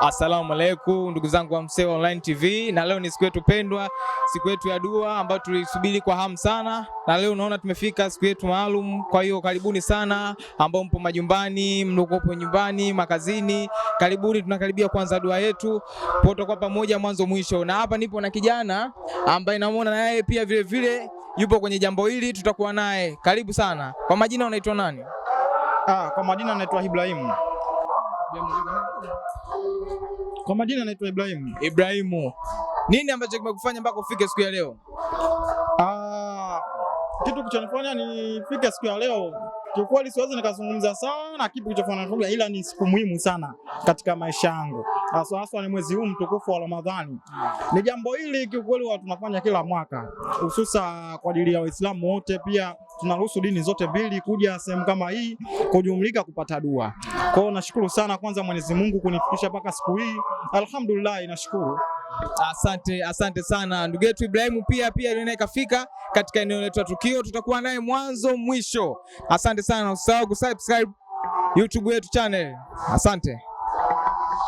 Asalamu alaikum ndugu zangu wa Msewa Online TV, na leo ni siku yetu pendwa, siku yetu ya dua ambayo tulisubiri kwa hamu sana, na leo unaona tumefika siku yetu maalum. Kwa hiyo karibuni sana ambao mpo majumbani, mliokuwepo nyumbani, makazini, karibuni. Tunakaribia kwanza dua yetu poto kwa pamoja, mwanzo mwisho, na hapa nipo na kijana ambaye namuona na yeye pia vile vile yupo kwenye jambo hili, tutakuwa naye. Karibu sana. Kwa majina unaitwa nani? Ah, kwa majina naitwa Ibrahim. Kwa majina naitwa Ibrahimu. Ibrahimu, nini ambacho kimekufanya mpaka ufike siku ya leo? Ah, kitu kichonifanya nifike siku ya leo kiukweli, siwezi nikazungumza sana kitu kichofanya, ila ni siku muhimu sana katika maisha yangu, hasa hasa ni mwezi huu mtukufu wa Ramadhani. Ni jambo hili kiukweli tunafanya kila mwaka, hususa kwa ajili ya Waislamu wote, pia tunaruhusu dini zote mbili kuja sehemu kama hii kujumlika kupata dua. Kwa hiyo nashukuru sana kwanza Mwenyezi Mungu kunifikisha mpaka siku hii, alhamdulillah, nashukuru. Asante, asante sana ndugu yetu Ibrahimu, pia pia naye kafika katika eneo letu la tukio, tutakuwa naye mwanzo mwisho. Asante sana, usisahau kusubscribe YouTube yetu channel. Asante.